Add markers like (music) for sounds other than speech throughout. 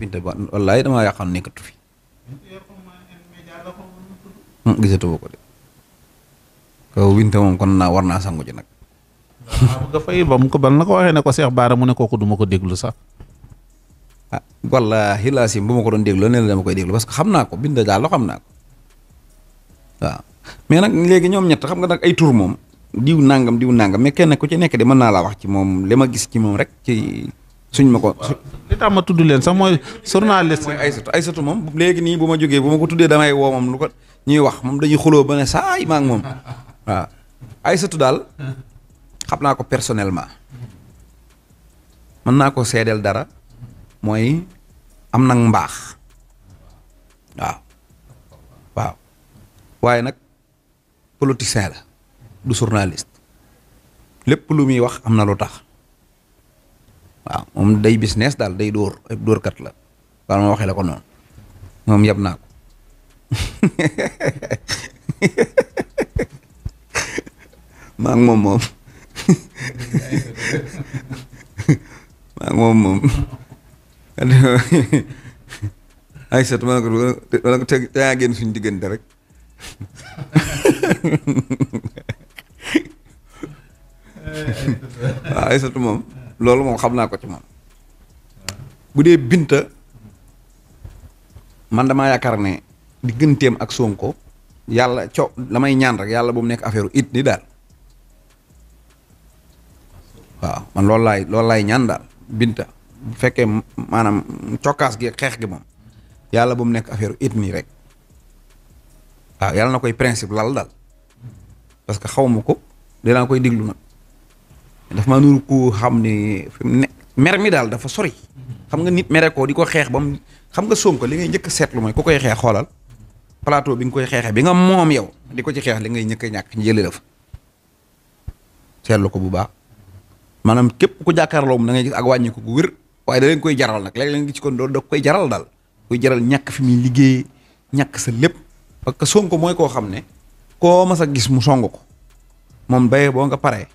Binta Ba wallaay damaa yàqoon nekkatu fi. Hmm, gisatuma ko de. kaw Binta moom kon naa war naa sangu ji nag. waaw nga fay ba mu na ko waxee ne ko Cheikh kooku du ma ko déglu sax. ah wallaahi laa si bu ma ko doon déglu ne la dama koy déglu parce xam naa ko Binta daal loo xam naa ko waaw. mais nag léegi ñoom ñett xam nga nag ay tur moom diw nangam diw nangam mais kenn ku ci nekk de mën naa laa wax ci moom li ma gis ci moom rek suñ mako ko. li tax ma tudd leen sax mooy journaliste. mooy Aysatu Aysatu moom léegi buma bu buma jógee ko tuddé damay wo mom lu ko ñi wax mom dañuy xuloo bané ne saay maa ngi moom waaw Aysatu daal ko personnellement man ko dara moy am nak mbax wa wa waye nak politicien la du journaliste lepp lu mi wax amna lu waaw moom day business daal day dóor dóorkat la daal ma waxee la moom yab naa (laughs) moom moom (laughs) moom (laughs) ay sat ma ne ko wala ko teg daa génn suñu diggante rek waaw ay sat moom loolu mom xamna ko ci mom budé binta man yakar né di gëntém ak Sonko yalla ci lamay ñaan rek yalla bu mu nek it ni dal waaw man loolu lay loolu lay ñaan dal binta bu fekkee maanaam cokkaas gi xex gi mom yalla bu mu nekk it ni rek waaw yalla nakoy principe lal dal parce que xaw dina koy diglu nak daf maa nuru ku xam ni fi mu mer mi daal dafa sori. xam nga nit mere ko di ko xeex ba mu xam nga Sonko li ngay njëkk a seetlu mooy ku koy xeex xoolal plateau bi nga koy xeexee bi nga moom yow di ko ci xeex li ngay njëkk a ñàkk njëli la fa seetlu ko bu baax maanaam képp ku jàkkaarloo mu da ngay ak wàññi ko gu wér waaye da koy jaral nag léeg-léeg nga ci kon loolu da koy jaral daal koy jaral ñàkk fi muy liggéey ñàkk sa lépp parce que Sonko mooy koo xam ne koo mas a gis mu song ko moom bay boo nga paree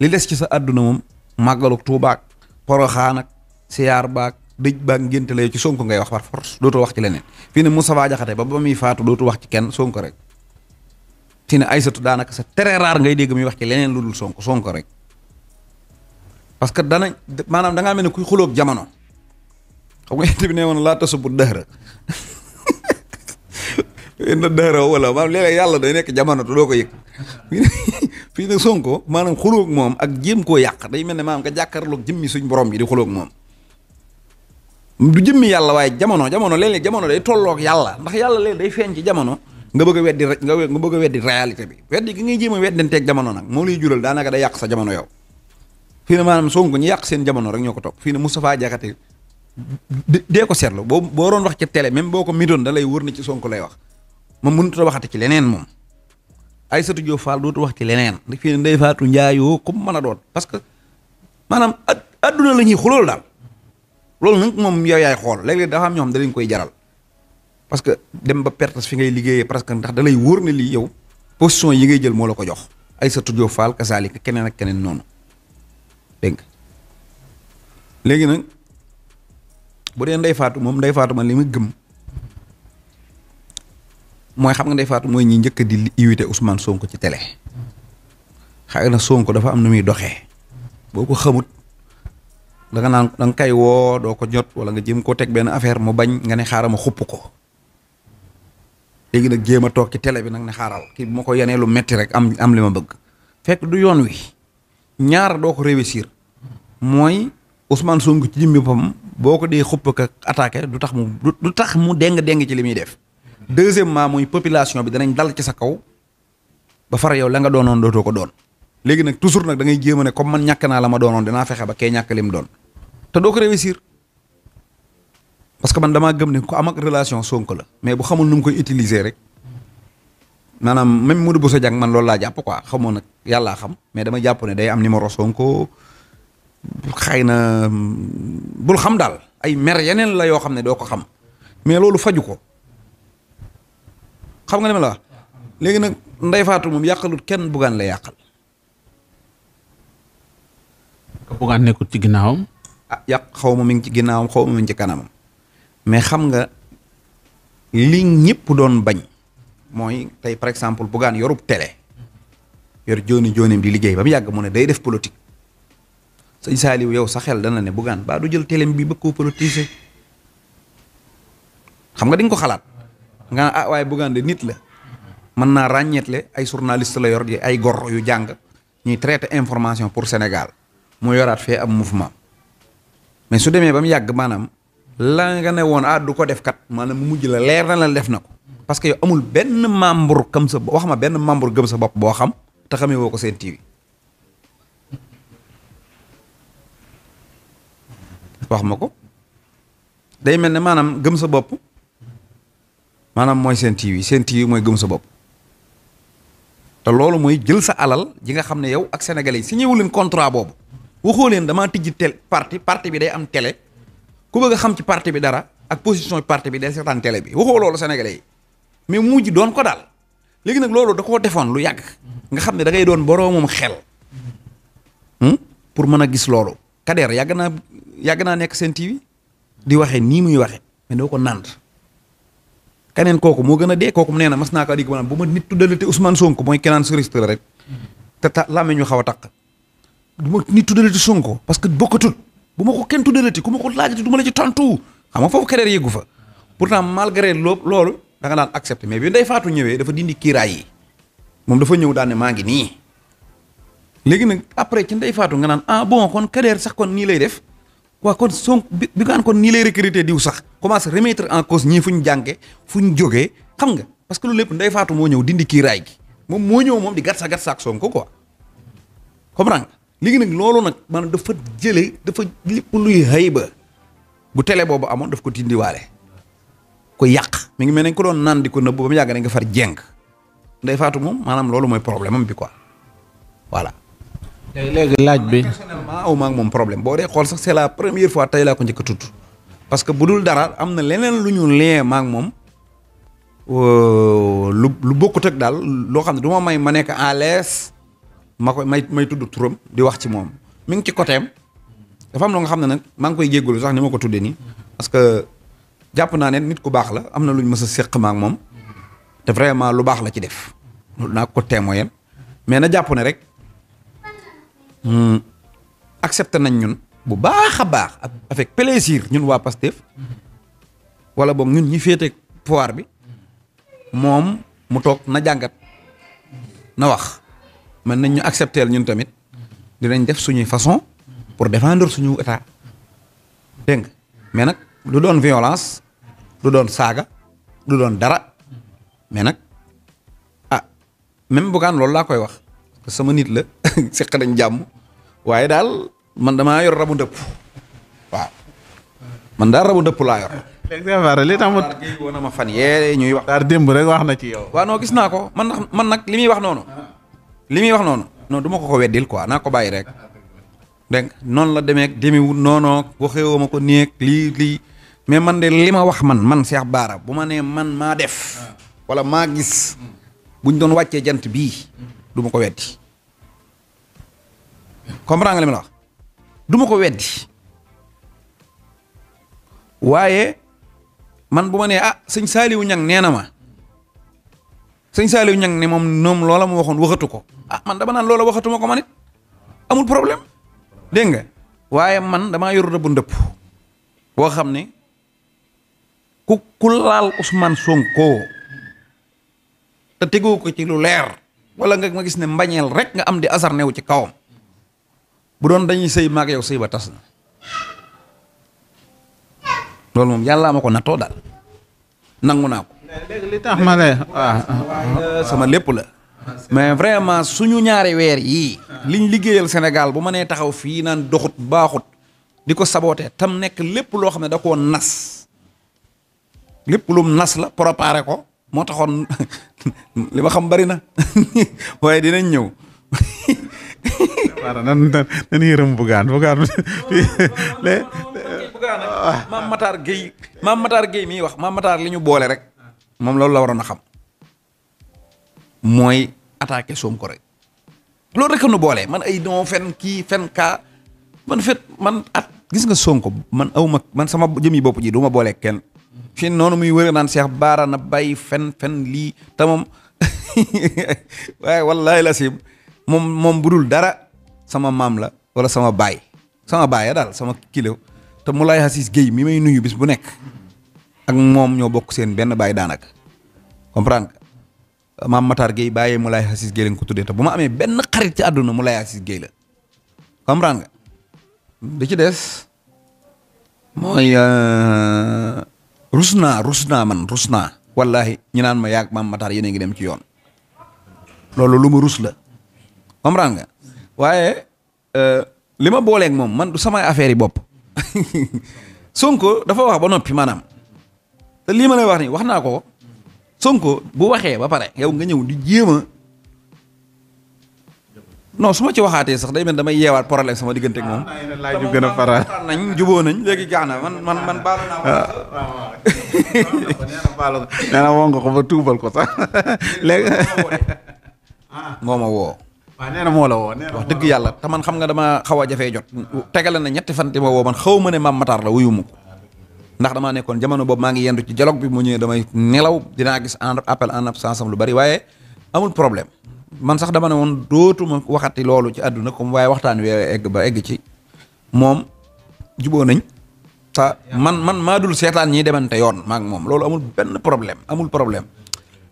li des ci sa àdduna moom màggaluk tuubaak poroxaanak siyaar baak dëj baak ngénte lay ci sonko ngay wax par force dootul wax ci leneen fii ne Moustapha Diakhaté ba ba muy faatu dootu wax ci kenn sonko rek fii ne Aïssatou daanaka sa très rare ngay dégg muy wax ci leneen lu dul sonk sonko rek parce que dana maanaam dangaa mel ne kuy xulóog jamono xam nga yent bi ne woon laa tasubu dëhra (laughs) na dëhra wala maanaam léeg yàlla day nekk jamono te doo ko yëg (laughs) fii nag Sonko maanaam xulóog moom ak jéem koo yàq day mel ne maanaam nga jàkkaarloog jëmmi suñ borom bi di xulóog moom du jëmmi yàlla waaye jamono jamono léeg-léeg jamono day tolloog yàlla ndax yàlla day feeñ ci jamono nga bëgg a weddi nga bëgg a réalité bi weddi gi ngay jéem a weddanteeg jamono nag moo lay jural daanaka day yàq sa jamono yow fii ne maanaam Sonko ñu yàq seen jamono rek ñoo ko topp fii ne Moustapha Diakhaté dee ko seetlu boobu boo doon wax ci tele même boo ko midoon da lay wër na ci Sonko lay wax ma mënut a waxati ci leneen moom ay Aïssatou Diop Fall dootu wax ci leneen daf fii ne Ndeye comme mën a doon parce que maanaam àdduna la ñuy xulool daal loolu nag moom yow yaay xool léeg-léeg am ñoo xam dalañ koy jaral parce que dem ba perte fi ngay liggéeyee que ndax dalay wóor na lii yow position yi ngay jël moo la ko jox Aïssatou Diop Fall kasaalika keneen ak keneen noonu dégg nga léegi nag bu dee Ndeye Fatou moom Ndeye faatu ma li ma gëm mooy xam nga Ndeye Fatou mooy ñi njëkk di invité Ousmane Sonko ci tele xëy na Sonko dafa am nu muy doxee boo ko xamut danga naan danga kay woo doo ko jot wala nga jéem koo teg benn affaire mu bañ nga ne xaaral ma xupp ko léegi nag jéem a toog ci tele bi nag ne xaaral kii bu ma ko yenee lu metti rek am am li ma bëgg fekk du yoon wi ñaar doo ko réussir mooy Ousmane Sonko ci jëmmi boppam boo ko dee xupp ka attaqué du tax mu du tax mu déng deng ci li muy def deuxièmement mooy population bi danañ dal ci sa kaw ba far yow la nga doonoon dootoo ko doon léegi nag toujours nag da ngay jéem a ne comme man ñàkk naa la ma doonoon dinaa fexe ba kee ñàkk lim doon te doo ko réussir parce que man damaa gëm ne ko am ak relation Sonko la mais bu xamul nu mu koy utiliser rek maanaam même Modou sa Dieng man loolu laa jàpp quoi xamoo nag yàllaa xam mais dama jàpp ne day am numéro Sonko xëy na mm, bul xam daal ay mer yeneen la yoo xam ne doo ko xam mais loolu faju ko. xam nga ni ma la wax léegi nag Ndeye Fatou mom yakalut kenn bugaan la yakal ka bugan nekut ci ginnaawam. yak ah, yàq mi ci ginnaawam xaw mi ci kanamam mais xam nga li ñepp doon bañ moy tay par exemple bugaan yorup télé yor joni joni di liggey bam yag yàgg mu ne day def politique sëñ saliw yow sa xel dana ne bugan ba du jël télé bi bëkk ko politiser xam nga ding ko xalat nga ah waaye Bougane nit la na ragnet ràññeetle ay journaliste la yor di ay gor yu jang ñuy traité information pour Sénégal mu yorat fee am mouvement mais su demee bam yag manam mana la nga né won addu ah, ko def kat manam mujj la leer na la def nako parce que amul ben membre comme sa wax ma ben membre gëm sa bop bo xam ta xamé woko ko TV wax ma day melni manam sa bop manam moy seen TV seen TV moy gëm sa bop te loolu moy jël sa alal ji nga xam yow ak sénégalais si ñewul wu leen contrat bobu waxo leen dama tijji tel parti parti bi day am télé ku bëgg xam ci parti bi dara ak position parti bi day sétan télé bi waxo loolu sénégalais mais muuj doon ko dal légui nak loolu da ko lu yàgg nga xam da ngay doon boroomam xel hmm? pour mëna gis loolu Kader yàgg naa yàgg naa nekk TV di waxee ni muy waxee mais do ko nante keneen kooku moo gën a dee kooku nee na mas naa ko adiko maanaam bu ma nit tuddalati Ousmane Sonko mooy kenaan suriste la rek te ta ñu xaw a taq bu ma nit tuddalati Sonko parce que bokkatut bu ma ko kenn tuddalati ku ma ko laajati ma la ci tontu xam nga foofu kereer yëggu fa pourtant malgré loo loolu da nga daan accepté mais bi Ndeye faatu ñëwee dafa dindi kiiraay yi moom dafa ñëw daan ne maa ngi nii léegi nag après ci Ndeye faatu nga naan ah bon kon kereer sax kon nii lay def wa kon son bi nga kon ni lay recruter diw sax commence remettre en cause ñii fuñ jangé fuñ fu xam nga parce que lu lepp ndey fatou mo ñew dindi ray gi mom mo ñew mom di gatsa gatsa ak Sonko quoi comprendre nga léegi nag man nag maanaam dafa jëlee dafa lepp luy hayba bu télé bobu amoon daf ko walé ko yàq mi ngi mel ko don nan di ko nëbb ba nga far jeng ndey fatou mom manam lolu moy problème bi quoi voilà léegi laaj bi personnellement aw ma ak moom problème boo dee xool sax c'est la première fois tey laa ko njëkk tudd parce que bu dul dara am na leneen lu ñu lee ma ak moom euh, lu lu bokkut daal loo xam ne du ma may ma nekk à l'aise ma koy may may tudd turam di wax ci moom mi ngi ci côté am dafa am loo nga xam ne nag maa ngi koy jéggalu sax ni ma ko tuddee nii parce que jàpp naa ne nit ku baax la am na lu ñu mës a séq ma moom te vraiment lu baax la ci def naa ko témoyen mais na jàpp ne rek. Hmm. accepté nañ ñun bu baaxa a baax avec plaisir ñun wa Pastef wala bok ñun ñi fété pouvoir bi mom mu tok na jangat na wax man nañ ñu accepter ñun tamit dinañ def suñu façon pour défendre suñu état deng mais nak du doon violence du doon saga du doon dara mais nak ah même kan lool la koy wax sama nit la sekk (laughs) nañ jàmm waaye daal man dama yor rabu ndëpp waaw man daal rabu ndëpp laa yor. exemple li tax ma ma fan eh, yee ñuy wax. daal démb rek wax na ci yow. waaw non gis naa ko man nag man nag li muy wax noonu. li muy wax noonu. non duma ko ko weddil quoi naa ko bàyyi rek. dégg noonu la demee wu noonu waxeewoo ma ko néeg lii lii mais man de li ma wax man man Cheikh Bara bu ma nee man maa def. wala maa gis. Hmm. buñ doon wàccee jant bii. Hmm. duma ko weddi. comprends nga li ma la wax du ma ko weddi waaye man bu ma nee ah sëñ Saaliwu Ñang nee na ma sëñ Saaliwu Ñang ni moom noom loola mu waxoon waxatu ko ah man dama naan loola waxatuma ko ma it amul problème dégg nga waaye man damaa yor rëbb ndëpp boo xam ne ku ku laal Ousmane Sonko te tegoo ko ci lu leer walla nga ma gis ne mbañeel rek nga am di asar newu ci kawam bu doon dañuy sëy maag yow sëy ba tas na loolu moom yàlla ma ko nattoo daal nangu naa ko. léegi li ah, sama lépp la. mais vraiment suñu ñaari weer yii. liñ liggéeyal senegal bu ma nee taxaw fii naan doxut baaxut. di ko sabootee tam nekk lépp loo xam ne da koo nas lépp lum nas la préparé ko moo taxoon (laughs) li ma xam bari na (laughs) waaye dinañ ñëw. waaw (laughs) nan nan nan yërëm bugaan bugaan. maam Matar Gueye maam wax maam Matar li ñu boole rek. moom loolu la waroon a xam. mooy attaqué Sonko rek. loolu rek nu boole man ay don fen kii fen kaa man fet man at gis nga Sonko man aw ma man sama jëmi bopp jii du ma boole kenn. fii noonu muy wër naan Cheikh Baara na bàyyi fen fen lii te moom (laughs) waaye wallaahi la si. mom mom budul dara sama mam la wala sama bay, sama bay ya dal sama kilo te Moulay hasis gey mi may nuyu bis bu nek ak mom ño bok sen ben bay daanaka comprendre mam Matar gey baye Moulay hasis gey len ko tudde te buma amé ben xarit ci aduna Moulay hasis gey la comprendre nga ci des moy eh, Rusna, Rusna man rusna wallahi ñaan ma yak mam Matar yene ngi dem ci yoon lolu luma rus la comprendre nga euh lima bolé ak mom man du sama affaire yi bop (laughs) Sonko dafa wax ba nopi manam te lima lay wax ni waxna ko Sonko bu waxé ba paré yow nga ñew di jema non suma ci waxaatee sax day mel dama yéwaat problème sama digënté ak mom ah, lay ju gëna faral nañ jubo nañ légui jaxna man man man baalu naa ko. Ah. (laughs) nee na woo nga ko ba tuubal ko sax (laughs) léegi wane nee na moo la woo khawaja na wax dëgg yàlla te man xam nga dama jot na ñetti fan di man xaw ma mam Matar la wuyu mu ko ndax damaa nekkoon jamono boobu maa ngi yendu ci dialogue bi mu ñëwee damay nelaw dinaa gis en appel en absence lu bari amul problème man sax dama ne woon dootuma waxati loolu ci àdduna comme waaye waxtaan wi egg ba egg ci Mom juboo nañ te man man madul setan seetaan ñiy demante yoon maak moom amul ben problème amul problème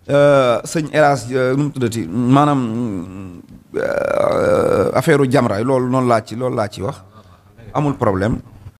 Eh, sëñ Eras eh, nu mu tuddati manam eh, affaireu u Jamra loolu noonu la ci lolou la ci wax amul problème.